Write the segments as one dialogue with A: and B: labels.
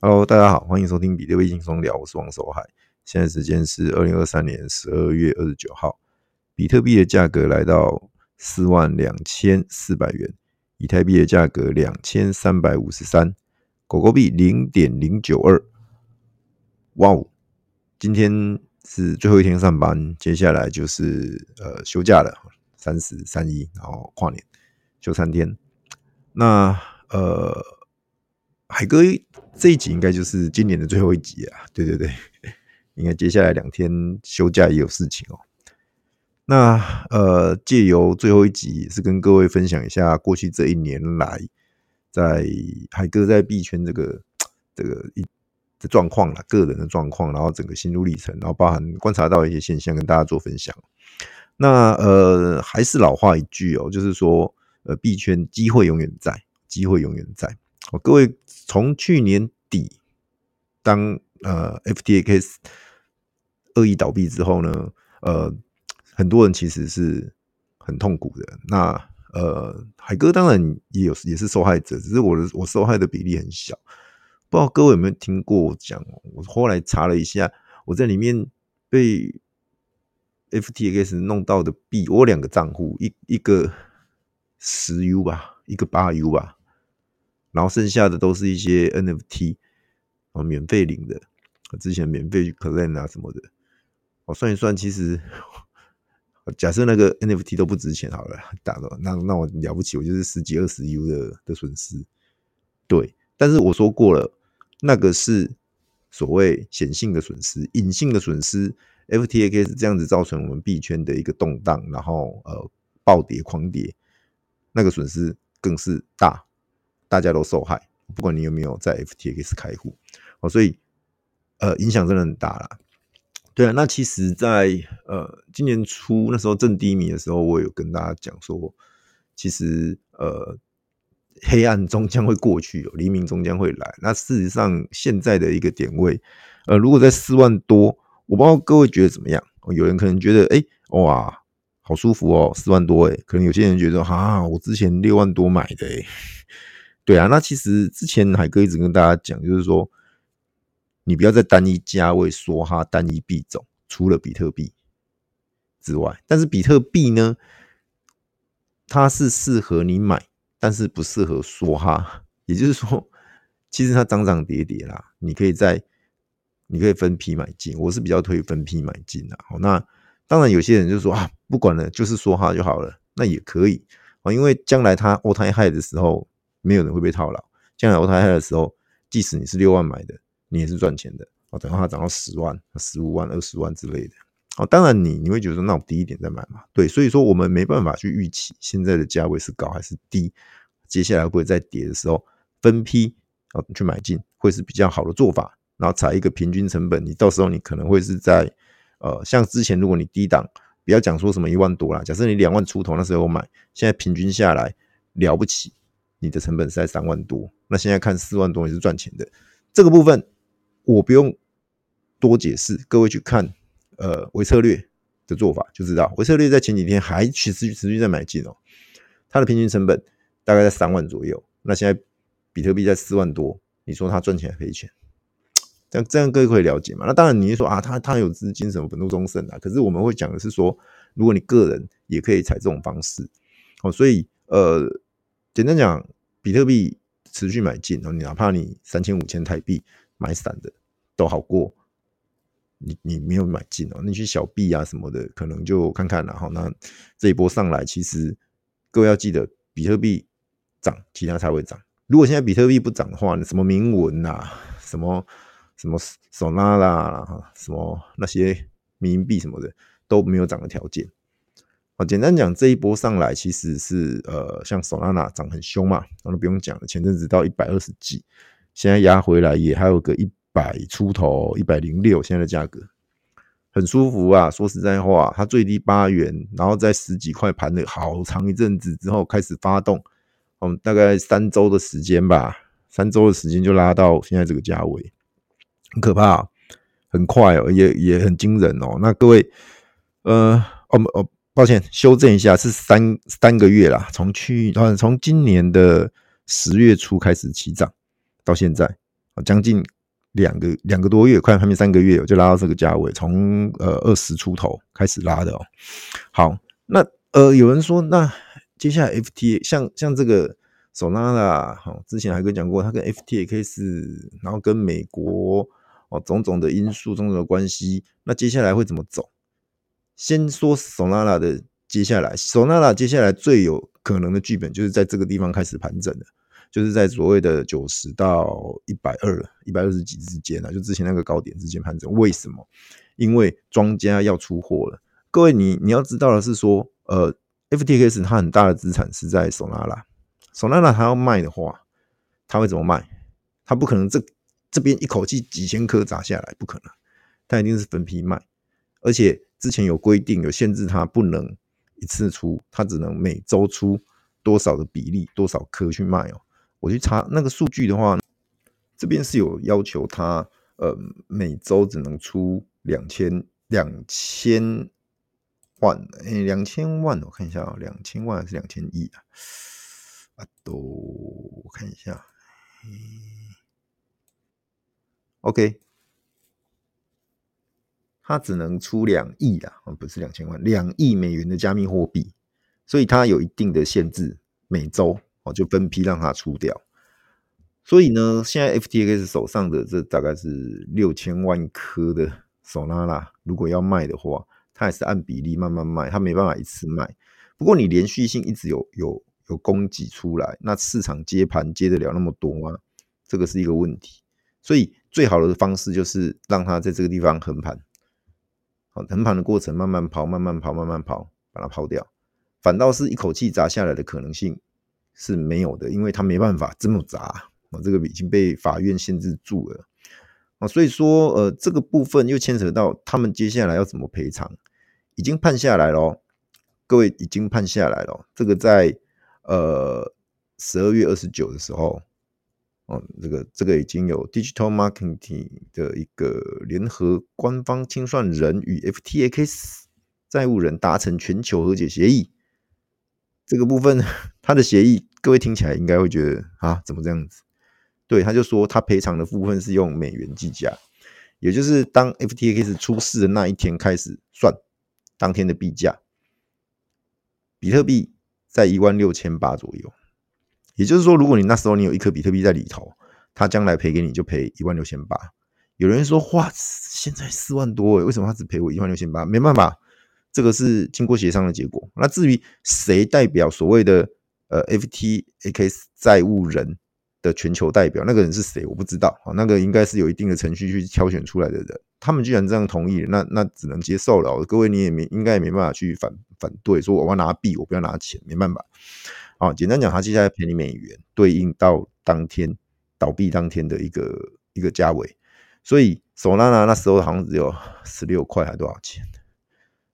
A: Hello，大家好，歡迎收聽比特幣輕鬆聊，我是王守海。現在時間是二零二三年十二月二十九號，比特幣的價格來到四萬兩千四百元，以太幣的價格兩千三百五十三，狗狗幣零點零九二。哇哦！今天是最後一天上班，接下來就是呃休假了，三十、三一，然後跨年休三天。那呃。海哥這一集應該就是今年的最後一集啊，對對對，應該接下來兩天休假也有事情哦。那呃，借由最後一集，也是跟各位分享一下過去這一年來在，在海哥在幣圈這個這個一的狀況了，個人的狀況，然後整個心路歷程，然後包含觀察到一些現象，跟大家做分享。那呃，還是老話一句哦，就是說，呃，幣圈機會永遠在，機會永遠在。哦，各位，從去年底當呃 FTX 惡意倒閉之後呢，呃，很多人其實是很痛苦的。那呃，海哥當然也有，也是受害者，只是我的我受害的比例很小。不知道各位有沒有聽過我講？我後來查了一下，我在裡面被 FTX 弄到的幣，我有兩個賬戶一一個十 U 吧，一個八 U 吧。然後剩下的都是一些 NFT 免費領的，之前免費 claim 啊什麼的。我、哦、算一算，其實假設那個 NFT 都不值錢好了，打的那那我了不起，我就是十幾二十 U 的的損失。對，但是我說過了，那個是所謂顯性的損失，隱性的損失。FTX 這樣子造成我們幣圈的一個動盪，然後呃暴跌狂跌，那個損失更是大。大家都受害，不管你有沒有在 FTX 開戶。哦，所以呃影響真的很大了。對啊，那其實在，在呃今年初那時候正低迷的時候，我有跟大家講說，其實呃黑暗終將會過去，黎明終將會來。那事實上現在的一個點位，呃，如果在四萬多，我不知道各位覺得怎麼樣？哦，有人可能覺得，誒，哇，好舒服哦，四萬多，誒。可能有些人覺得，啊，我之前六萬多買的，誒。對啊，那其實之前海哥一直跟大家講，就是說你不要在單一價位梭哈，單一幣種除了比特幣之外，但是比特幣呢，它是適合你買，但是不適合梭哈。也就是說，其實它漲漲跌跌啦，你可以在你可以分批買進，我是比較推分批買進的。好，那當然有些人就說啊，不管了，就是梭哈就好了，那也可以啊，因為將來它 All Time High 的時候。沒有人會被套牢。將來我太太的時候，即使你是六萬買的，你也是賺錢的。哦、等到它漲到十萬、十五萬、二十萬之類的，哦、當然你你會覺得說，那我低一點再買嘛？對，所以說我們沒辦法去預期現在的價位是高還是低，接下來會不會再跌的時候分批、哦、去買進，會是比較好的做法。然後採一個平均成本，你到時候你可能會是在呃，像之前如果你低檔，不要講說什麼一萬多啦，假設你兩萬出頭那時候買，現在平均下來了不起。你的成本是在三萬多，那現在看四萬多也是賺錢的。這個部分我不用多解釋，各位去看呃微策略的做法就知道。微策略在前幾天還持續持續在買進哦，它的平均成本大概在三萬左右。那現在比特幣在四萬多，你說它賺錢賠錢？這樣這樣各位可以了解嘛？那當然，你就說啊，它它有資金什麼本多終身啊？可是我們會講的是說，如果你個人也可以採這種方式哦，所以呃。簡單講，比特幣持續買進哦，你哪怕你三千五千台幣買散的都好過，你你沒有買進哦，那些小幣啊什麼的可能就看看啦，哈。那這一波上來，其實各位要記得，比特幣漲，其他才會漲。如果現在比特幣不漲的話，你什麼銘文啊，什麼什麼索拉納啦，什麼那些民幣什麼的都沒有漲的條件。啊，簡單講，這一波上來其實是呃，像 Solana 漲很兇嘛，那都不用講了。前陣子到一百二十幾，現在壓回來也還有個一百出頭，一百零六現在的價格，很舒服啊。說實在話，啊，它最低八元，然後在十幾塊盤的好長一陣子之後開始發動，嗯，大概三周的時間吧，三周的時間就拉到現在這個價位，很可怕，啊，很快哦，喔，也也很驚人哦，喔。那各位，呃，我們哦。抱歉，修正一下，是三三個月啦，從去呃，從今年的十月初開始起漲，到現在啊將近兩個兩個多月，快還沒三個月，我就拉到這個價位，從呃二十出頭開始拉的哦。好，那呃有人說，那接下來 FTA 像像這個 Solana，好，之前還跟講過，它跟 FTX，然後跟美國哦種種的因素，種種的關係，那接下來會怎麼走？先說索納拉的，接下來索納拉接下來最有可能的劇本就是在這個地方開始盤整的，就是在所謂的九十到一百二、一百二十幾之間啊，就之前那個高點之間盤整。為什麼？因為莊家要出貨了。各位，你你要知道的是說，呃，FTX 它很大的資產是在索納拉，索納拉它要賣的話，它會怎麼賣？它不可能這這邊一口氣幾千顆砸下來，不可能，它一定是分批賣，而且。之前有規定，有限制，它不能一次出，它只能每周出多少的比例，多少顆去賣哦、喔。我去查那個數據的話，這邊是有要求他，它呃每周只能出兩千、兩千萬、誒兩千萬。我看一下、喔，兩千萬還是兩千億啊？啊，都我看一下。OK。它只能出兩億啦，不是兩千萬，兩億美元的加密貨幣，所以它有一定的限制，每周哦就分批讓它出掉。所以呢，現在 FTX 手上的這大概是六千萬顆的 Solana，如果要賣的話，它也是按比例慢慢賣，它沒辦法一次賣。不過你連續性一直有有有供給出來，那市場接盤接得了那麼多嗎？這個是一個問題。所以最好的方式就是讓它在這個地方橫盤。橫盤的過程慢慢，慢慢拋，慢慢拋，慢慢拋，把它拋掉。反倒是一口氣砸下來的可能性是沒有的，因為它沒辦法這麼砸。這個已經被法院限制住了啊。所以說，呃，這個部分又牽扯到他們接下來要怎麼賠償，已經判下來了哦。各位已經判下來了。這個在呃十二月二十九的時候。哦，這個這個已經有 Digital Marketing 的一個聯合官方清算人與 FTX 債務人達成全球和解協議。這個部分，他的協議，各位聽起來應該會覺得啊，怎麼這樣子？對，他就說他賠償的部分是用美元計價，也就是當 FTX 出事的那一天開始算，當天的幣價，比特幣在一萬六千八左右。也就是說，如果你那時候你有一顆比特幣在裡頭，他將來賠給你就賠一萬六千八。有人說：哇，現在四萬多，為什麼他只賠我一萬六千八？沒辦法，這個是經過協商的結果。那至於誰代表所謂的呃 FTX 債務人的全球代表，那個人是誰，我不知道，那個應該是有一定的程序去挑選出來的人。他們居然這樣同意了，那那只能接受了哦。各位，你也沒應該也沒辦法去反反對，說我要拿幣，我不要拿錢，沒辦法。啊、哦，簡單講，它接下來賠你美元，對應到當天倒閉當天的一個一個價位，所以索拉那那時候好像只有十六塊還多少錢？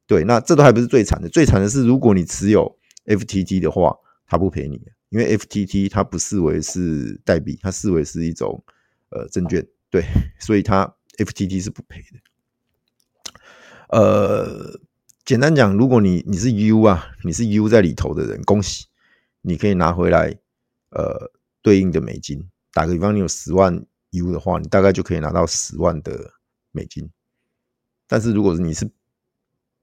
A: 對，那這都還不是最慘的，最慘的是如果你持有 FTT 的話，它不賠你，因為 FTT 它不視為是代幣，它視為是一種呃證券，對，所以它 FTT 是不賠的。呃，簡單講，如果你你是 U 啊，你是 U 在裡頭的人，恭喜。你可以拿回來，呃，對應的美金。打個比方，你有十萬 U 的話，你大概就可以拿到十萬的美金。但是如果你是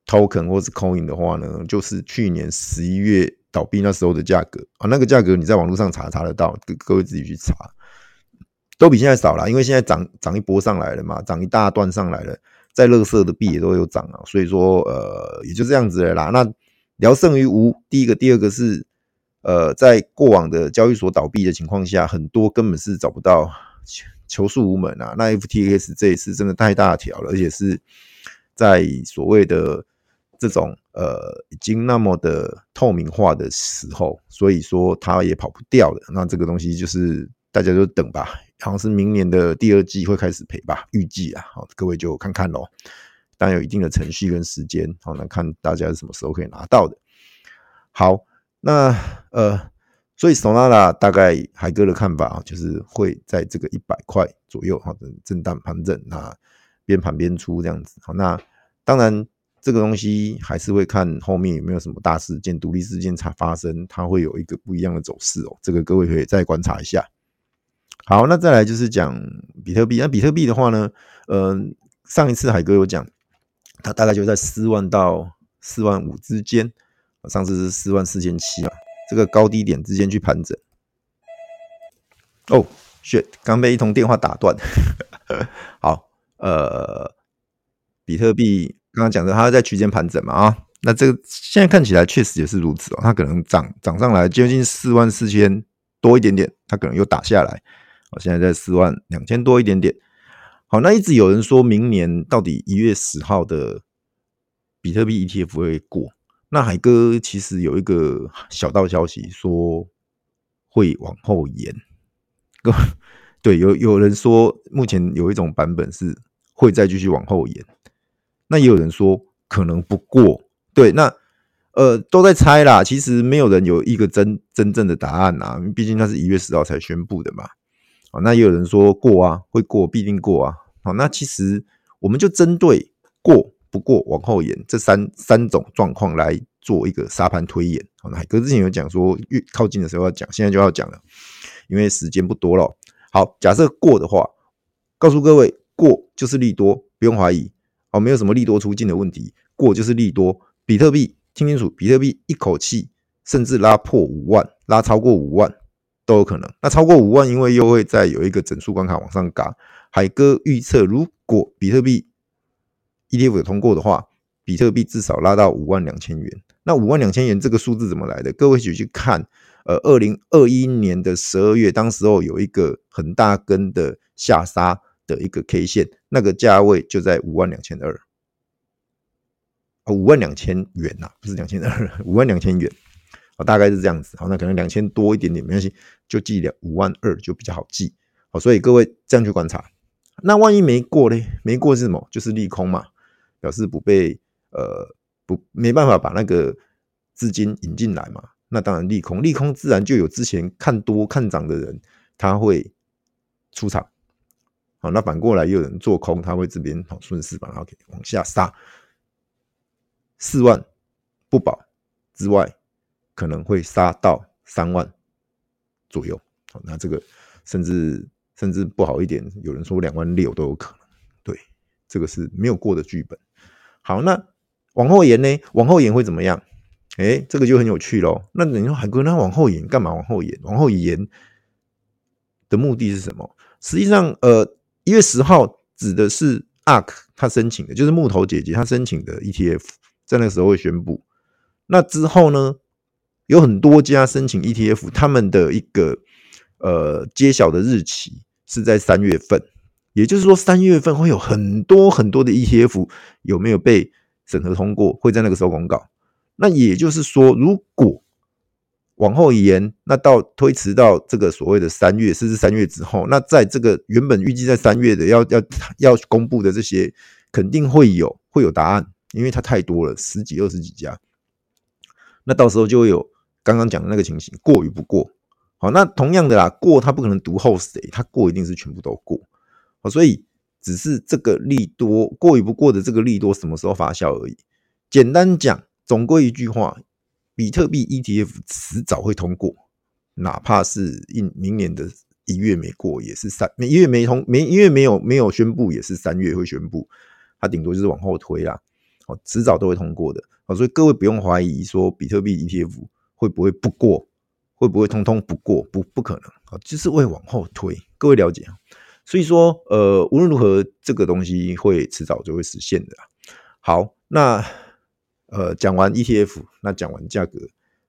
A: token 或是 coin 的話呢，就是去年十一月倒閉那時候的價格啊，那個價格你在網絡上查查得到，各各位自己去查，都比現在少了，因為現在漲漲一波上來了嘛，漲一大段上來了，再垃圾的幣也都有漲啊，所以說，呃，也就這樣子了啦。那聊勝於無，第一個，第二個是。呃，在過往的交易所倒閉的情況下，很多根本是找不到求求訴無門啊。那 FTX 這一次真的太大條了，而且是在所謂的這種呃已經那麼的透明化的時候，所以說它也跑不掉的。那這個東西就是大家就等吧，好像是明年的第二季會開始賠吧，預計啊。好，各位就看看咯。當然有一定的程序跟時間，好，那看大家是什麼時候可以拿到的。好，那呃，所以 SOL 啦，大概海哥的看法啊，就是會在這個一百塊左右好的震盪盤整啊，邊盤邊出這樣子。好，那當然這個東西還是會看後面有沒有什麼大事件、獨立事件才發生，它會有一個不一樣的走勢哦。這個各位可以再觀察一下。好，那再來就是講比特幣。那比特幣的話呢，嗯、呃，上一次海哥有講，它大概就在四萬到四萬五之間。上次是四萬四千七嘛，這個高低點之間去盤整。哦、oh，shit，剛被一通電話打斷。 好，呃，比特幣剛剛講的，它在區間盤整嘛啊，那這個現在看起來確實也是如此哦。它可能漲漲上來接近四萬四千多一點點，它可能又打下來。我現在在四萬兩千多一點點。好，那一直有人說明年到底一月十號的比特幣 ETF 會過。那海哥其實有一個小道消息說會往後延， 對，有有人說目前有一種版本是會再繼續往後延，那也有人說可能不過，對，那呃都在猜啦，其實沒有人有一個真真正的答案啦，啊，畢竟那是一月十號才宣布的嘛，那也有人說過啊，會過必定過啊，那其實我們就針對過。不過往後延，這三三種狀況來做一個沙盤推演。好，海哥之前有講說越靠近的時候要講，現在就要講了，因為時間不多了。好，假設過的話，告訴各位過就是利多，不用懷疑。哦，沒有什麼利多出盡的問題，過就是利多。比特幣聽清楚，比特幣一口氣甚至拉破五萬，拉超過五萬都有可能。那超過五萬，因為又會再有一個整數關卡往上嘎。海哥預測，如果比特幣 ETF 有通過的話，比特幣至少拉到五萬兩千元。那五萬兩千元這個數字怎麼來的？各位去去看，呃，二零二一年的十二月，當時候有一個很大根的下殺的一個 K 線，那個價位就在五萬兩千二。五萬兩千元吶啊，不是兩千二，五萬兩千元哦，大概是這樣子。好，那可能兩千多一點點，沒關係，就記兩五萬二就比較好記。好，所以各位這樣去觀察，那萬一沒過呢？沒過是什麼？就是利空嘛。表示不被呃不沒辦法把那個資金引進來嘛，那當然利空，利空自然就有之前看多看漲的人，他會出場，好，那反過來也有人做空，他會這邊順勢把它給往下殺，四萬不保之外，可能會殺到三萬左右，好，那這個甚至甚至不好一點，有人說兩萬六都有可能，對，這個是沒有過的劇本。好，那往後延呢？往後延會怎麼樣？誒、欸，這個就很有趣咯，那你說海哥，那往後延幹嘛？往後延，往後延的目的是什麼？實際上，呃，一月十號指的是 ARK 他申請的，就是木頭姐姐她申請的 ETF，在那個時候會宣布。那之後呢，有很多家申請 ETF，他們的一個呃揭曉的日期是在三月份。也就是說，三月份會有很多很多的 ETF 有沒有被審核通過，會在那個時候公告。那也就是說，如果往後延，那到推遲到這個所謂的三月，甚至三月之後，那在這個原本預計在三月的要要要公布的這些，肯定會有會有答案，因為它太多了，十幾二十幾家。那到時候就會有剛剛講的那個情形，過與不過。好，那同樣的啦，過它不可能獨厚誰，它過一定是全部都過。所以只是這個利多過與不過的這個利多什麼時候發酵而已。簡單講，總歸一句話，比特幣 ETF 遲早會通過，哪怕是一明年的一月沒過，也是三因月沒通沒一月沒有沒有宣布，也是三月會宣布，它頂多就是往後推啦。遲早都會通過的。所以各位不用懷疑說比特幣 ETF 會不會不過，會不會通通不過，不不可能。就是會往後推，各位了解。所以說，呃，無論如何，這個東西會遲早就會實現的啊。好，那呃，講完 ETF，那講完價格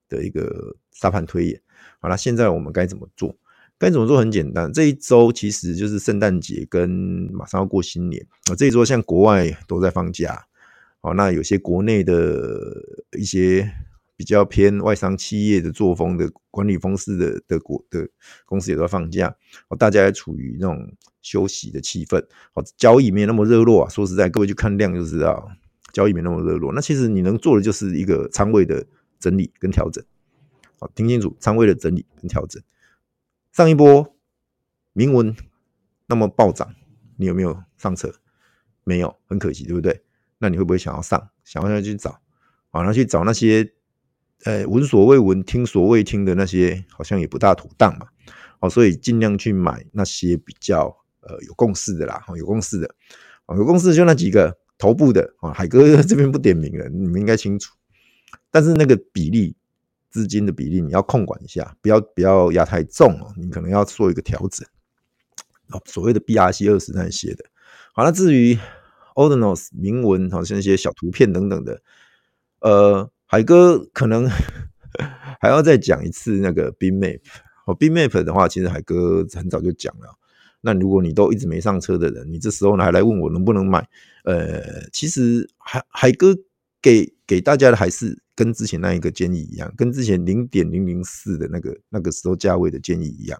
A: 的一個沙盤推演，好，那現在我們該怎麼做？該怎麼做很簡單，這一周其實就是聖誕節跟馬上要過新年啊，這一周像國外都在放假，好，那有些國內的一些。比較偏外商企業的作風的管理方式的的國的公司也在放假，大家也處於那種休息的氣氛，交易沒有那麼熱絡啊。說實在，各位去看量就知道，交易沒那麼熱絡。那其實你能做的就是一個倉位的整理跟調整，好，聽清楚，倉位的整理跟調整。上一波銘文那麼暴漲，你有沒有上車？沒有，很可惜，對不對？那你會不會想要上？想要去找啊，然後去找那些。呃，聞所未聞、聽所未聽的那些，好像也不大妥當嘛。好、哦，所以盡量去買那些比較呃有共識的啦，哦、有共識的，啊、哦，有共識就那幾個頭部的啊、哦。海哥這邊不點名了，你們應該清楚。但是那個比例資金的比例，你要控管，一下，不要不要壓太重哦。你可能要做一個調整。哦、所謂的 BRC 二十那些的，好、哦，那至於 Ordinals 銘文，好、哦、像一些小圖片等等的，呃。海哥可能 還要再講一次那個 Bitmap 哦，Bitmap 的話，其實海哥很早就講了。那如果你都一直沒上車的人，你這時候呢還來問我能不能買？呃，其實海海哥給給大家的還是跟之前那一個建議一樣，跟之前零點零零四的那個那個時候價位的建議一樣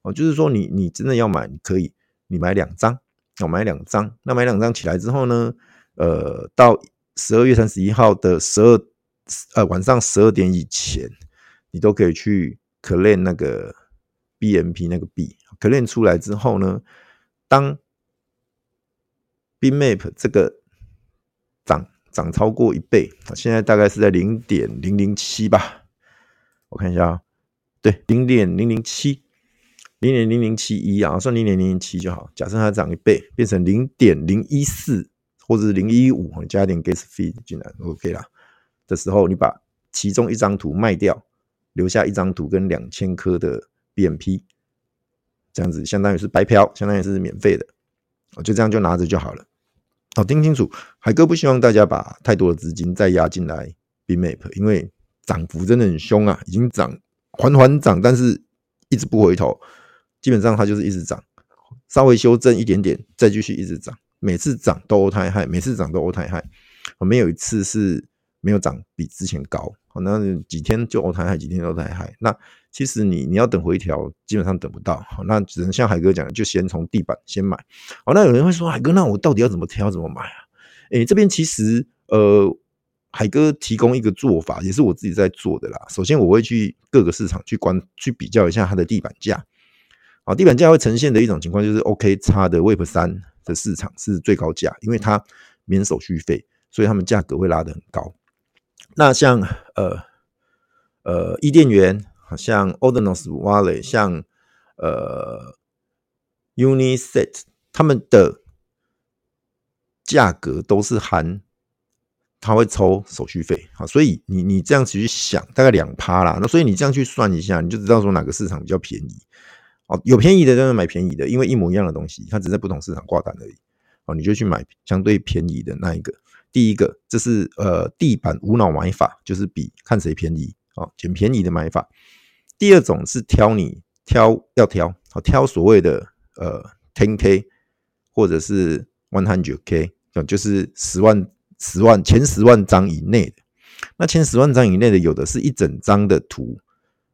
A: 哦，就是說你你真的要買，你可以，你買兩張，我、哦、買兩張，那買兩張起來之後呢，呃，到十二月三十一號的十二。呃，晚上十二點以前，你都可以去 claim 那個 B M P 那個 B claim 出來之後呢，當 B M P 這個漲漲超過一倍，現在大概是在零點零零七吧，我看一下，對，零點零零七，零點零零七一啊，算零點零零七就好。假設它漲一倍，變成零點零一四或者是零一五，加點 gas fee 進來，OK 啦。的時候，你把其中一張圖賣掉，留下一張圖跟兩千顆的 BMP，這樣子相當於是白嫖，相當於是免費的，就這樣就拿着就好了。好、哦，聽清楚，海哥不希望大家把太多的資金再壓進來 BMap，因為漲幅真的很凶啊，已經漲，緩緩漲，但是一直不回頭，基本上它就是一直漲，稍微修正一點點，再繼續一直漲，每次漲都歐太嗨，每次漲都歐太嗨，沒有一次是。沒有漲比之前高，好，那幾天就歐台海，幾天就歐台海。那其實你你要等回調，基本上等不到，好，那只能像海哥講的，就先從地板先買。好，那有人會說海哥，那我到底要怎麼挑怎麼買啊？誒這邊其實呃，海哥提供一個做法，也是我自己在做的啦。首先我會去各個市場去去比較一下它的地板價。好，地板價會呈現的一種情況就是 OKX 的 Web 三的市場是最高價，因為它免手續費，所以他們價格會拉得很高。那像呃呃伊甸園，好像 Ordinals Wallet，像呃 Unisat 他們的價格都是含他會抽手續費好、啊，所以你你這樣子去想，大概兩趴啦。那所以你這樣去算一下，你就知道說哪個市場比較便宜哦、啊，有便宜的當然買便宜的，因為一模一樣的東西，它只是在不同市場掛單而已哦、啊，你就去買相對便宜的那一個。第一個，這是呃地板無腦買法，就是比看誰便宜啊，哦、撿便宜的買法。第二種是挑你挑要挑，好挑，所謂的呃 ten k 或者是 one hundred k，就是十萬十萬前十萬張以內的。那前十萬張以內的，有的是一整張的圖，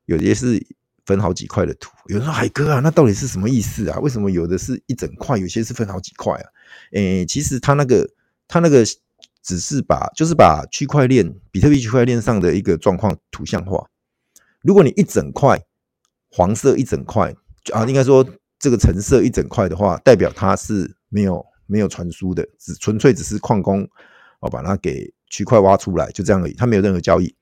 A: 有些是分好幾塊的圖。有人說海哥啊，那到底是什麼意思啊？為什麼有的是一整塊，有些是分好幾塊啊？誒、欸，其實他那個他那個。只是把就是把區塊鏈比特幣區塊鏈上的一個狀況圖像化，如果你一整塊黃色一整塊啊，應該說這個橙色一整塊的話，代表它是沒有沒有傳輸的，只純粹只是礦工哦把它給區塊挖出來就這樣而已，它沒有任何交易。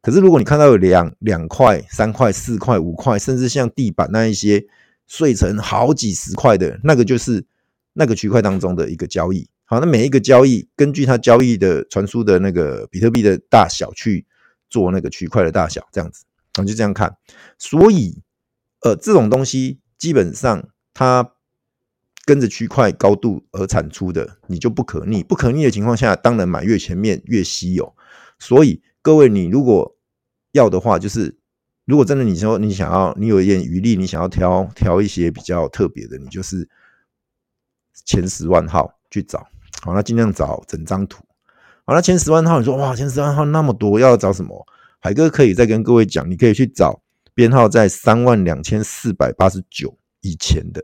A: 可是如果你看到有兩兩塊、三塊、四塊、五塊，甚至像地板那一些碎成好幾十塊的，那個就是那個區塊當中的一個交易。好，那每一個交易根據它交易的傳輸的那個比特幣的大小去做那個區塊的大小，這樣子，我們就這樣看。所以，呃，這種東西基本上它跟着區塊高度而產出的，你就不可逆。不可逆的情況下，當然買越前面越稀有。所以，各位你如果要的話，就是如果真的你說你想要，你有一點餘力，你想要挑挑一些比較特別的，你就是前十萬號去找。好，那盡量找整張圖。好，那前十萬號，你說哇，前十萬號那麼多，要找什麼？海哥可以再跟各位講，你可以去找編號在三萬兩千四百八十九以前的，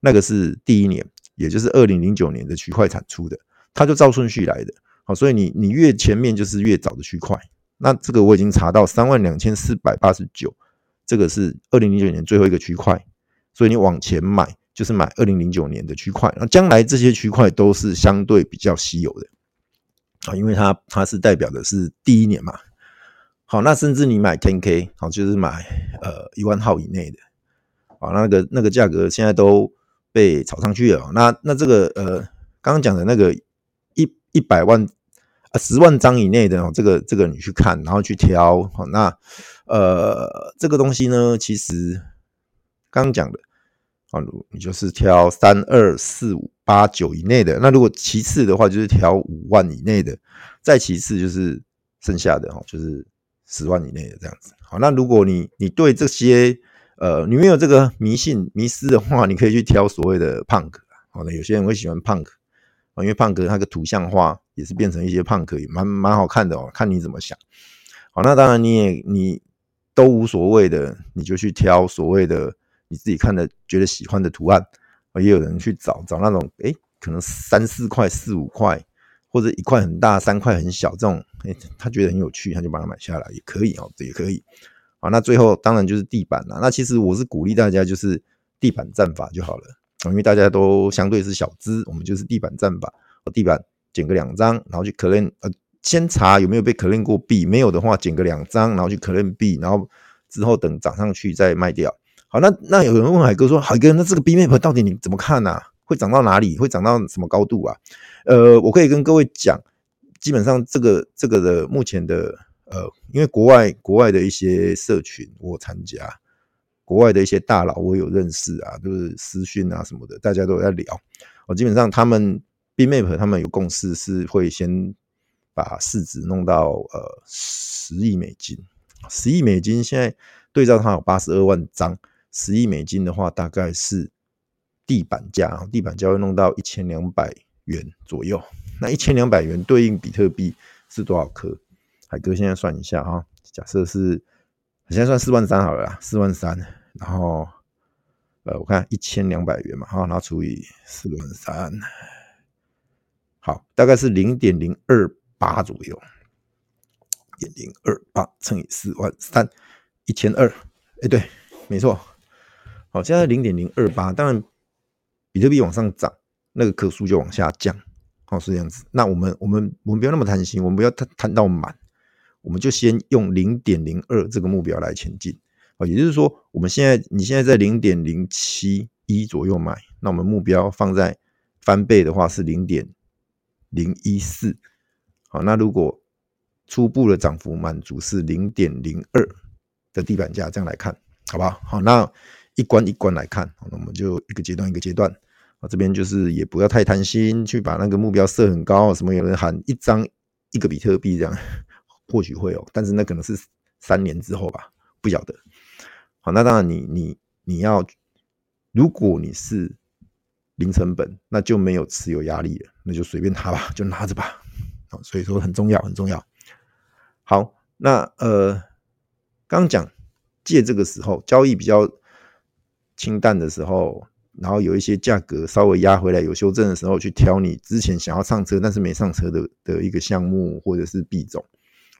A: 那個是第一年，也就是二零零九年的區塊產出的，它就照順序來的。好，所以你你越前面就是越早的區塊。那這個我已經查到三萬兩千四百八十九，這個是二零零九年最後一個區塊，所以你往前買。就是買二零零九年的區塊，那將來這些區塊都是相對比較稀有的啊，因為它它是代表的是第一年嘛。好，那甚至你買 10K，好，就是買呃一萬號以內的，啊，那個那個價格現在都被炒上去了。那那這個呃，剛剛講的那個一一百萬啊，十萬張以內的哦，這個這個你去看，然後去挑好，那呃，這個東西呢，其實剛講的。好，啊，你就是挑三二四五八九以內的。那如果其次的話，就是挑五萬以內的。再其次就是剩下的就是十萬以內的這樣子。好，那如果你你對這些呃你沒有這個迷信，迷失的話，你可以去挑所謂的 punk。好，有些人會喜歡 punk 啊，因為 punk 那個圖像化也是變成一些 punk 也蠻蠻好看的哦，看你怎麼想。好，那當然你也你都無所謂的，你就去挑所謂的。你自己看的覺得喜歡的圖案，也有人去找找那種，誒、欸，可能三四塊、四五塊，或者一塊很大、三塊很小這種、欸，他覺得很有趣，他就把它買下來也可以哦、喔，也可以。好那最後當然就是地板啦那其實我是鼓勵大家就是地板戰法就好了，因為大家都相對是小資，我們就是地板戰法，地板撿個兩張，然後去 c l n 先查有沒有被 c l n 過幣，沒有的話撿個兩張，然後去 c l o n 幣，然後之後等漲上去再賣掉。好，那那有人問海哥說，海哥，那這個 Bitmap 到底你怎麼看呢、啊？會漲到哪裡？會漲到什麼高度啊？呃，我可以跟各位講，基本上這個這個的目前的呃，因為國外國外的一些社群我參加，國外的一些大佬我有認識啊，就是私訊啊什麼的，大家都在聊。我、呃、基本上他們 Bitmap 他們有共識是會先把市值弄到呃十億美金，十億美金現在對照它有八十二萬張。十億美金的話，大概是地板價，地板價會弄到一千兩百元左右。那一千兩百元對應比特幣是多少顆？海哥現在算一下哈，假設是，現在算四萬三好了啦，四萬三。然後，呃，我看一千兩百元嘛，哈，然後除以四萬三，好，大概是零點零二八左右，零點零二八乘以四萬三，一千二。哎，對，沒錯。好，現在零點零二八，當然比特幣往上漲，那個顆數就往下降，好，是這樣子。那我們我們我們不要那麼貪心，我們不要貪貪到滿，我們就先用零點零二這個目標來前進。好，也就是說，我們現在你現在在零點零七一左右買，那我們目標放在翻倍的話是零點零一四。好，那如果初步的漲幅滿足是零點零二的地板價，這樣來看，好不好？好，那。一關一關來看，我們就一個階段一個階段，這邊就是也不要太貪心，去把那個目標設很高。什麼有人喊一張一個比特幣這樣，或許會有，但是那可能是三年之後吧，不曉得。好，那當然你你你要，如果你是零成本，那就沒有持有壓力了，那就隨便它吧，就拿着吧。所以說很重要很重要。好，那呃，剛講借這個時候交易比較。清淡的時候，然後有一些價格稍微壓回來，有修正的時候，去挑你之前想要上車但是沒上車的的一個項目或者是幣種，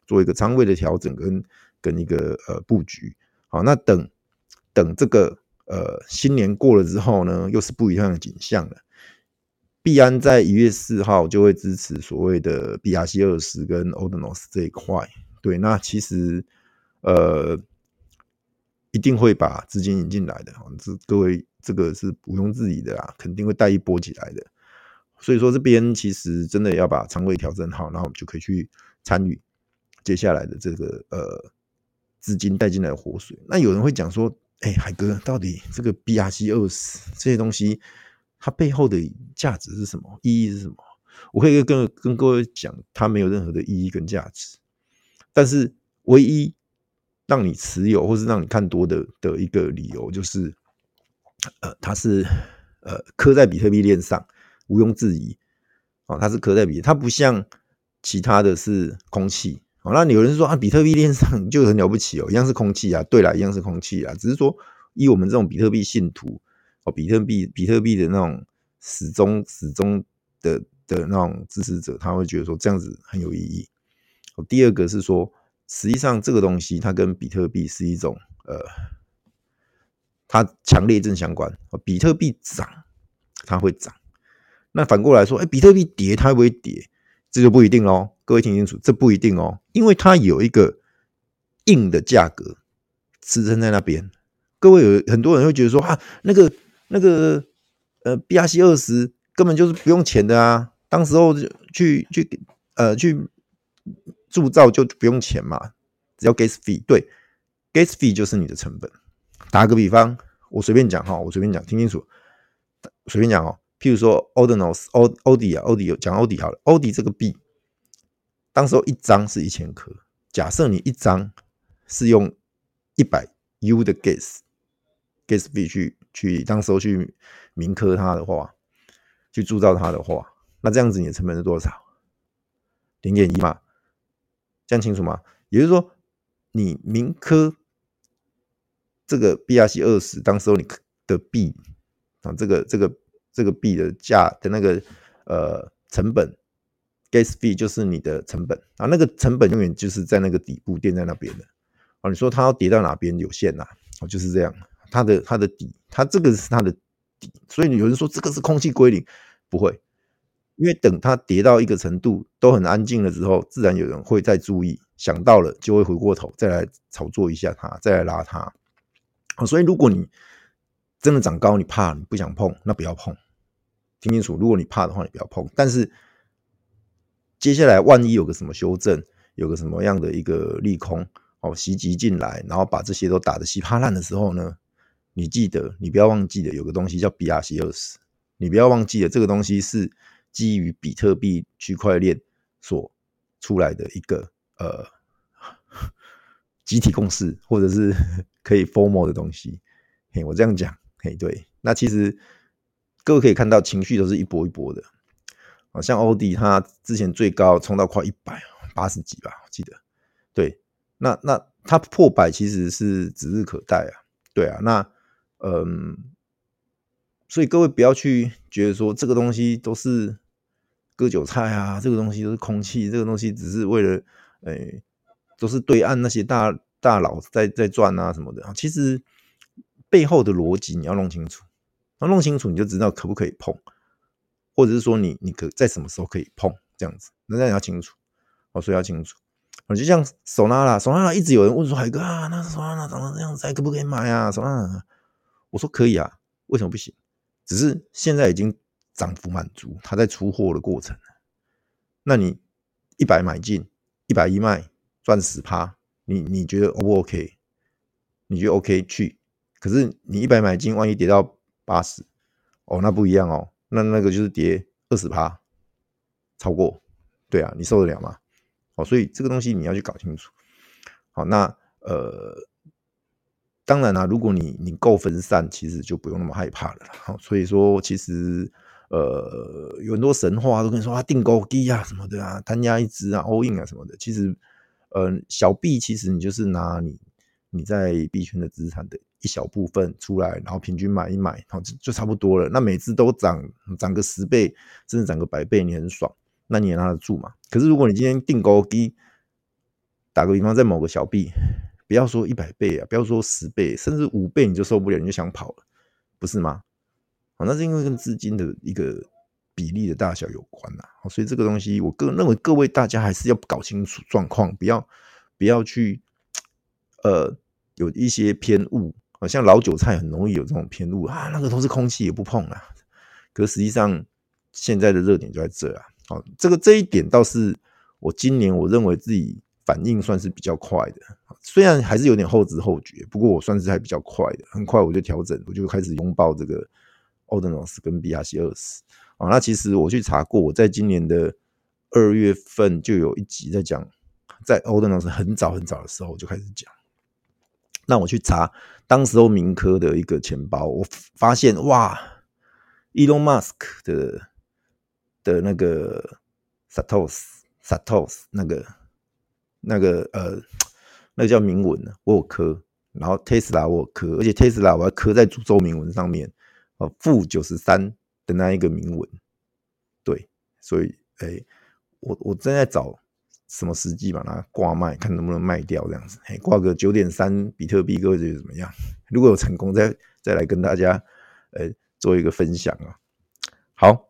A: 做一個倉位的調整跟跟一個、呃、布局。好，那等等這個呃新年過了之後呢，又是不一樣的景象了。幣安在一月四號就會支持所謂的 BRC 二十、跟 Ordinals 這一塊。對，那其實呃。一定會把資金引進來的，這各位這個是毋庸置疑的啦，肯定會帶一波起來的。所以說這邊其實真的要把倉位調整好，然後我們就可以去參與接下來的這個呃資金帶進來的活水。那有人會講說，哎、欸，海哥，到底這個 BRC20 這些東西它背後的價值是什麼？意義是什麼？我可以跟跟各位講，它沒有任何的意義跟價值，但是唯一。讓你持有或是讓你看多的的一個理由，就是，呃，它是呃，刻在比特幣鏈上，毋庸置疑，哦，它是刻在比，它不像其他的是空氣，哦，那有人說啊，比特幣鏈上就很了不起哦，一樣是空氣啊，對啦，一樣是空氣啊，只是說，以我們這種比特幣信徒，哦，比特幣，比特幣的那種始終始終的的那種支持者，他會覺得說這樣子很有意義。哦，第二個是說。實際上，這個東西它跟比特幣是一種，呃，它強烈正相關。比特幣漲，它會漲；那反過來說，哎，比特幣跌，它會不會跌，這就不一定咯，各位聽清楚，這不一定哦，因為它有一個硬的價格支撐在那邊。各位有很多人會覺得說，啊，那個那個，呃，BRC20 根本就是不用錢的啊，當時候就去去呃去。去呃去鑄造就不用錢嘛，只要 gas fee 對。對，gas fee 就是你的成本。打個比方，我隨便講哈，我隨便講，聽清楚，隨便講哦。譬如說 Ordinals O 歐 d 啊，歐迪講歐迪好了，歐迪這個幣，當時候一張是一千顆，假設你一張是用一百 U 的 gas gas fee 去去，當時候去銘刻它的話，去鑄造它的話，那這樣子你的成本是多少？零點一嘛。看清楚嗎？也就是說，你明科這個 BRC20 當時候你的幣啊，這個這個這個幣的價的那個呃成本 gas 費就是你的成本啊，那個成本永遠就是在那個底部墊在那邊的啊。你說它要跌到哪邊有限吶？哦，就是這樣，它的它的底，它這個是它的底，所以你有人說這個是空氣歸零，不會。因為等它跌到一個程度都很安靜了之後，自然有人會再注意，想到了就會回過頭再來炒作一下它，再來拉它。哦、所以如果你真的長高，你怕你不想碰，那不要碰。聽清楚，如果你怕的話，你不要碰。但是接下來萬一有個什麼修正，有個什麼樣的一個利空哦襲擊進來，然後把這些都打得稀巴爛的時候呢，你記得你不要忘記了有個東西叫 BRC20，你不要忘記了，個20，忘記了這個東西是。基於比特幣區塊鏈所出來的一個呃集體共識，或者是可以 FOMO 的東西，嘿，我這樣講，嘿，對，那其實各位可以看到，情緒都是一波一波的，啊，像歐迪，它之前最高衝到快一百八十幾吧，我記得，對，那那它破百其實是指日可待啊，對啊，那嗯、呃，所以各位不要去覺得說這個東西都是。割韭菜啊，這個東西都是空氣，這個東西只是為了，哎、欸，都是對岸那些大大佬在在賺啊什麼的。其實背後的邏輯你要弄清楚，那弄清楚你就知道可不可以碰，或者是說你你可在什麼時候可以碰這樣子，那這樣要清楚，我說要清楚。我就像索拉拉，索拉拉一直有人問說海哥啊，那索拉拉長成這樣子還可不可以買啊？索拉拉，我說可以啊，為什麼不行？只是現在已經。漲幅滿足，他在出貨的過程，那你一百買進，一百一賣賺十趴，你你覺得 O 不 OK？你就得 OK 去？可是你一百買進，萬一跌到八十，哦，那不一樣哦，那那個就是跌二十趴，超過，對啊，你受得了嗎？哦，所以這個東西你要去搞清楚。好，那呃，當然了、啊，如果你你夠分散，其實就不用那麼害怕了。好，所以說其實。呃，有很多神話啊，都跟你說啊，釘孤枝啊，什麼的啊，單壓一隻啊，all in 啊，什麼的。其實，呃，小幣其實你就是拿你你在幣圈的資產的一小部分出來，然後平均買一買，然後就差不多了。那每次都漲漲個十倍，甚至漲個百倍，你很爽，那你也拿得住嘛。可是如果你今天釘孤枝，打個比方，在某個小幣，不要說一百倍啊，不要說十倍，甚至五倍你就受不了，你就想跑了，不是嗎？那是因為跟資金的一個比例的大小有關啊，所以這個東西，我個人認為各位大家還是要搞清楚狀況，不要不要去，呃，有一些偏誤，好像老韭菜很容易有這種偏誤啊，那個都是空氣也不碰啊。可實際上現在的熱點就在這啊，哦，這個這一點倒是我今年我認為自己反應算是比較快的，雖然還是有點後知後覺，不過我算是還比較快的，很快我就調整，我就開始擁抱這個。Ordinals 跟 BRC20 啊，那其實我去查過，我在今年的二月份就有一集在講，在 Ordinals 很早很早的時候我就開始講。那我去查，當時候銘科的一個錢包，我發現哇，伊隆馬斯克的的那個 Satos, Satos 那個那個呃那個叫銘文我有磕，然後 Tesla 我有磕，而且 Tesla 我還磕在詛咒銘文上面。呃，負九十三的那一個銘文，對，所以，哎、欸，我我正在找什麼時機把它掛賣，看能不能賣掉這樣子，掛、欸、個九點三比特幣，各位覺得怎麼樣？如果有成功，再再來跟大家、欸，做一個分享啊。好，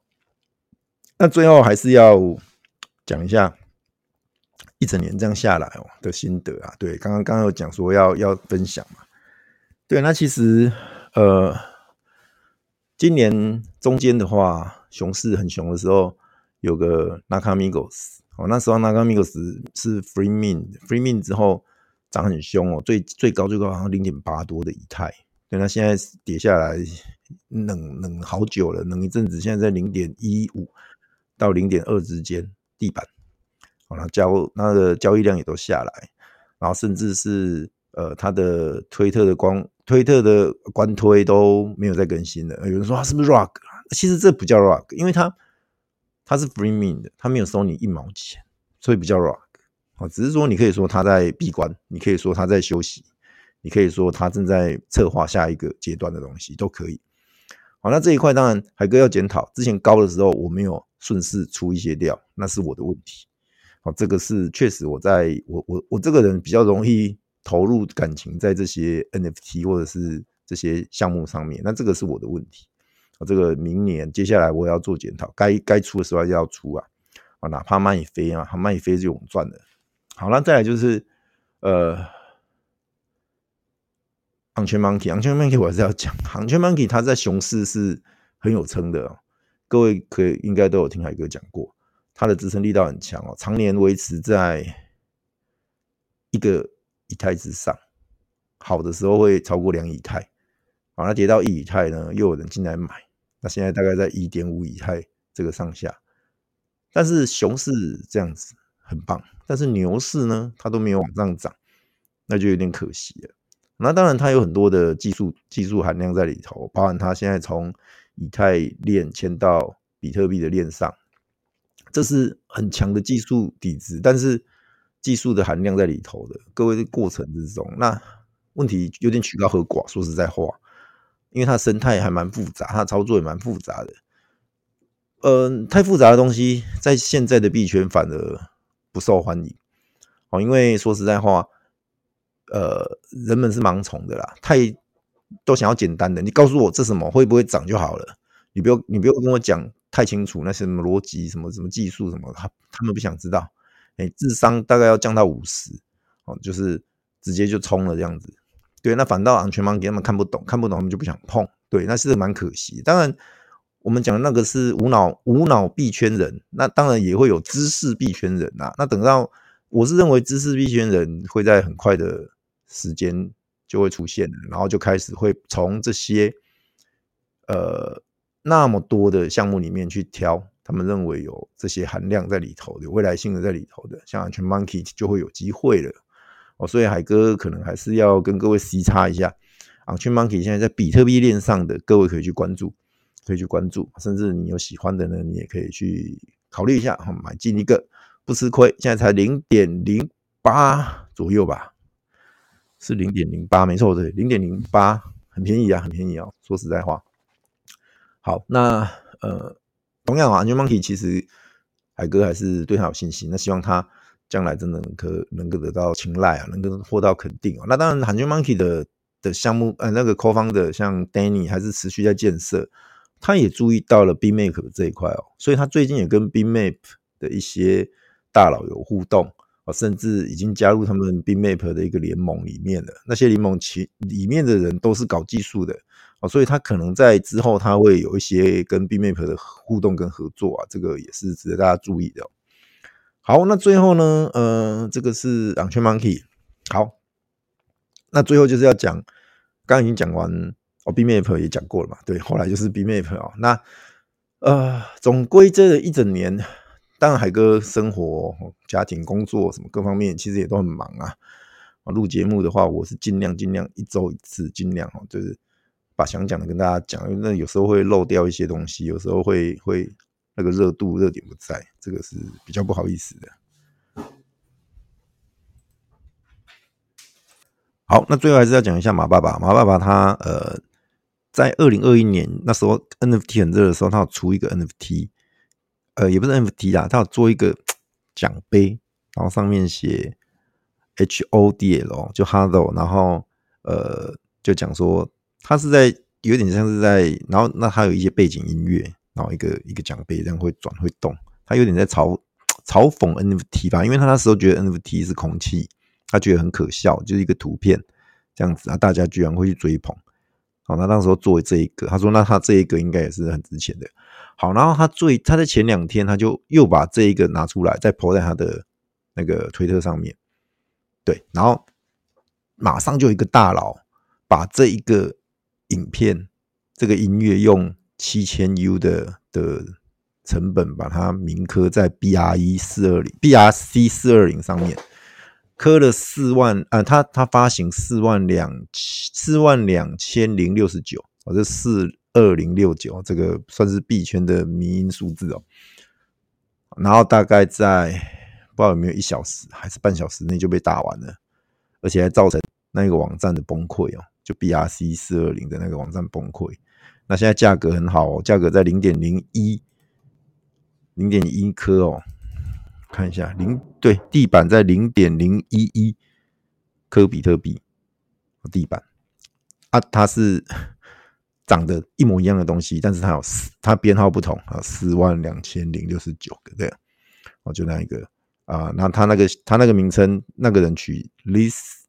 A: 那最後還是要講一下一整年這樣下來哦的心得啊。對，剛剛剛剛有講說要要分享嘛，對，那其實，呃。今年中間的話，熊市很熊的時候，有個 Nakamigos 哦，那時候 Nakamigos 是 Free Mint，Free Mint 之後漲很兇哦，最最高最高好像零點八多的以太，對，那現在跌下來，冷冷好久了，冷一陣子，現在在零點一五到零點二之間地板，好、哦、了，交那個交易量也都下來，然後甚至是呃，它的推特的光。推特的官推都沒有再更新了，有人說他是不是 rock，其實這不叫 rock，因為他他是 free mind，他沒有收你一毛錢，所以比較 rock，只是說你可以說他在閉關，你可以說他在休息，你可以說他正在策劃下一個階段的東西，都可以。好，那這一塊當然海哥要檢討，之前高的時候我沒有順勢出一些料，那是我的問題。好，這個是確實我在我我我這個人比較容易。投入感情在這些 NFT 或者是這些項目上面，那這個是我的問題啊。這個明年接下來我要做檢討，該該出的時候就要出啊，啊，哪怕賣飛啊，它賣飛是永賺的。好了，那再來就是呃，行情 Monkey，行情 Monkey，我還是要講行情 Monkey，它在熊市是很有撐的，哦，各位可以應該都有聽海哥講過，它的支撐力道很強哦，常年維持在一個。以太之上，好的時候會超過兩以太，把、啊、它跌到一以太呢，又有人進來買。那現在大概在一點五以太這個上下，但是熊市這樣子很棒，但是牛市呢，它都沒有往上漲，那就有點可惜了。那當然，它有很多的技術技術含量在裡頭，包含它現在從以太鏈遷到比特幣的鏈上，這是很強的技術底子，但是。技術的含量在裡頭的，各位的過程之中，那問題有點曲高和寡，說實在話，因為它生態還蠻複雜，它操作也蠻複雜的。呃，太複雜的東西，在現在的幣圈反而不受歡迎。哦，因為說實在話，呃，人們是盲從的啦，太都想要簡單的。你告訴我這什麼會不會漲就好了，你不要你不要跟我講太清楚那些什麼邏輯、什麼什麼技術什麼，他他們不想知道。哎、欸，智商大概要降到五十，哦，就是直接就衝了這樣子。對，那反倒讓全芒給他們看不懂，看不懂他們就不想碰。對，那是蠻可惜。當然，我們講的那個是無腦無腦幣圈人，那當然也會有知識幣圈人吶、啊。那等到我是認為知識幣圈人會在很快的時間就會出現，然後就開始會從這些呃那麼多的項目裡面去挑。他們認為有這些含量在裡頭的，有未來性的在裡頭的，像安全 monkey 就會有機會了哦，所以海哥可能還是要跟各位 C 差一下，安全 monkey 現在在比特幣鏈上的，各位可以去關注，可以去關注，甚至你有喜歡的呢，你也可以去考慮一下，買進一個不吃虧。現在才零點零八左右吧，是零點零八，沒錯，對，零點零八很便宜啊，很便宜啊。說實在話，好，那呃。同樣啊韓軍 Monkey 其實海哥還是對他有信心，那希望他將來真的能可能夠得到青睞啊，能夠獲到肯定哦、啊。那當然韓軍 Monkey 的的項目，呃，那個 Cofounder 像 Danny 還是持續在建設，他也注意到了 Bmap 這一塊哦，所以他最近也跟 Bmap 的一些大佬有互動、哦、甚至已經加入他們 Bmap 的一個聯盟裡面了。那些聯盟其裡面的人都是搞技術的。哦、所以他可能在之後他會有一些跟 BMap 的互動跟合作啊，這個也是值得大家注意的、哦。好，那最後呢，呃，這個是 Angry Monkey。好，那最後就是要講，剛剛已經講完哦 B，哦，BMap 也講過了嘛，對，後來就是 BMap 哦。那呃，總歸這一整年，當然海哥生活、家庭、工作什麼各方面，其實也都很忙啊。啊，錄節目的話，我是盡量盡量一週一次，盡量哦，就是。想講的跟大家講，那有時候會漏掉一些東西，有時候會會那個熱度熱點不在，這個是比較不好意思的。好，那最後還是要講一下馬爸爸。馬爸爸他呃，在二零二一年那時候 NFT 很熱的時候，他有出一個 NFT，呃，也不是 NFT 啦，他有做一個獎盃，然後上面寫 HODL，就哈嘍，然後呃，就講說。他是在有點像是在，然後那他有一些背景音樂，然後一個一個獎杯這樣會轉會動，他有點在嘲嘲諷 NFT 吧，因為他那時候覺得 NFT 是空氣，他覺得很可笑，就是一個圖片這樣子啊，大家居然會去追捧，好，那那時候作為這一個，他說那他這一個應該也是很值錢的，好，然後他最他在前兩天他就又把這一個拿出來再拋在他的那個推特上面，對，然後馬上就一個大佬把這一個。影片這個音樂用七千 U 的的成本把它銘刻在 BR 一四二零 BRC 四二零上面4，刻了四萬啊，它它發行四萬兩四萬兩千零六十九，哦，這四二零六九這個算是幣圈的迷因數字哦。然後大概在不知道有沒有一小時還是半小時內就被打完了，而且還造成那個網站的崩潰哦。就 BRC 四二零的那個網站崩潰，那現在價格很好哦，價格在零點零一零點一顆哦，看一下零對地板在零點零一一顆比特幣，地板啊，它是長得一模一樣的東西，但是它有它編號不同啊，四萬兩千零六十九個這樣，哦、啊，就那一個啊，那它那個它那個名稱那個人取 Lison。List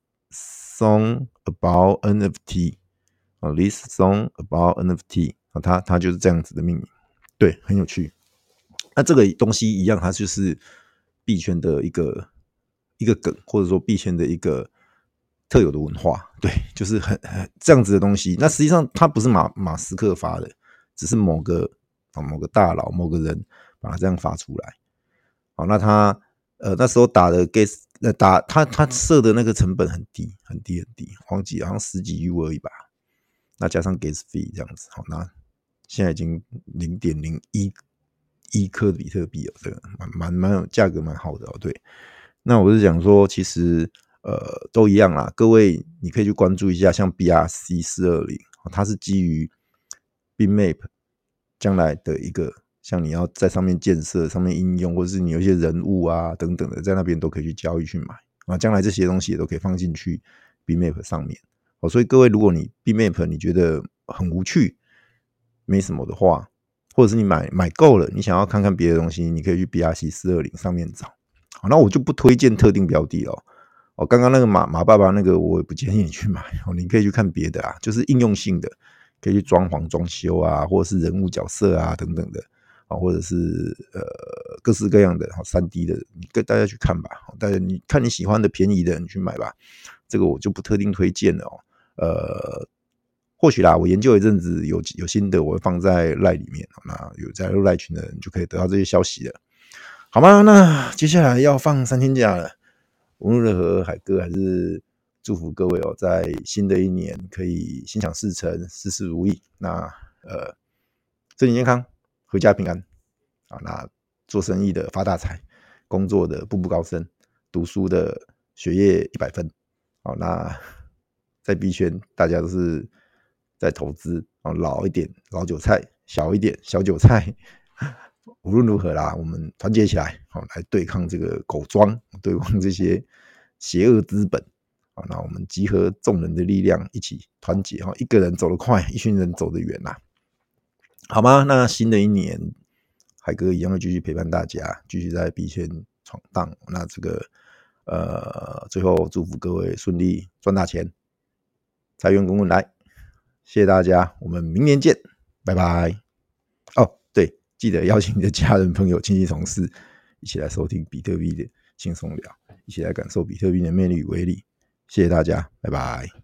A: song About NFT 啊，This song about NFT 啊，它它就是這樣子的命名，對，很有趣。那這個東西一樣，它就是幣圈的一個一個梗，或者說幣圈的一個特有的文化，對，就是很很這樣子的東西。那實際上它不是馬馬斯克發的，只是某個啊某個大佬某個人把它這樣發出來。好，那它。呃，那時候打的 gas，那、呃、打他他設的那個成本很低，很低很低，黃幾，好像十幾 U 而已吧。那加上 gas fee 這樣子，好那現在已經零點零一一顆比特幣了，對，蠻蠻蠻有價格蠻好的哦。對，那我是想說，其實呃都一樣啦，各位你可以去關注一下，像 BRC 四二零，它是基於 BMap 將來的一個。像你要在上面建設、上面應用，或者是你有一些人物啊等等的，在那邊都可以去交易去買啊。將來這些東西也都可以放進去 BMap 上面哦。所以各位，如果你 BMap 你覺得很無趣、沒什麼的話，或者是你買買夠了，你想要看看別的東西，你可以去 BRC420 上面找。好、哦，那我就不推薦特定標的了、哦。哦，剛剛那個馬馬爸爸那個，我也不建議你去買。哦，你可以去看別的啊，就是應用性的，可以去裝潢、裝修啊，或者是人物角色啊等等的。或者是呃各式各樣的，3D 的，你跟大家去看吧，大家你看你喜歡的便宜的你去買吧，這個我就不特定推薦了哦。呃，或許啦，我研究一陣子有有心得，我會放在賴裡面，那有在賴群的人就可以得到這些消息了，好嗎？那接下來要放三天假了，無論如何，海哥還是祝福各位哦，在新的一年可以心想事成，事事如意，那呃，身體健康。回家平安啊！那做生意的發大財，工作的步步高升，讀書的學業一百分。好，那在幣圈，大家都是在投資。啊，老一點老韭菜，小一點小韭菜。無論如何啦，我們團結起來，好來對抗這個狗莊，對抗這些邪惡資本。啊，那我們集合眾人的力量，一起團結哈，一個人走得快，一群人走得遠吶、啊。好嗎？那新的一年，海哥一樣會繼續陪伴大家，繼續在幣圈闖蕩。那這個，呃，最後祝福各位順利賺大錢，財源滾滾來。謝謝大家，我們明年見，拜拜。哦，對，記得邀請你的家人、朋友、親戚、同事一起來收聽比特幣的輕鬆聊，一起來感受比特幣的魅力與威力。謝謝大家，拜拜。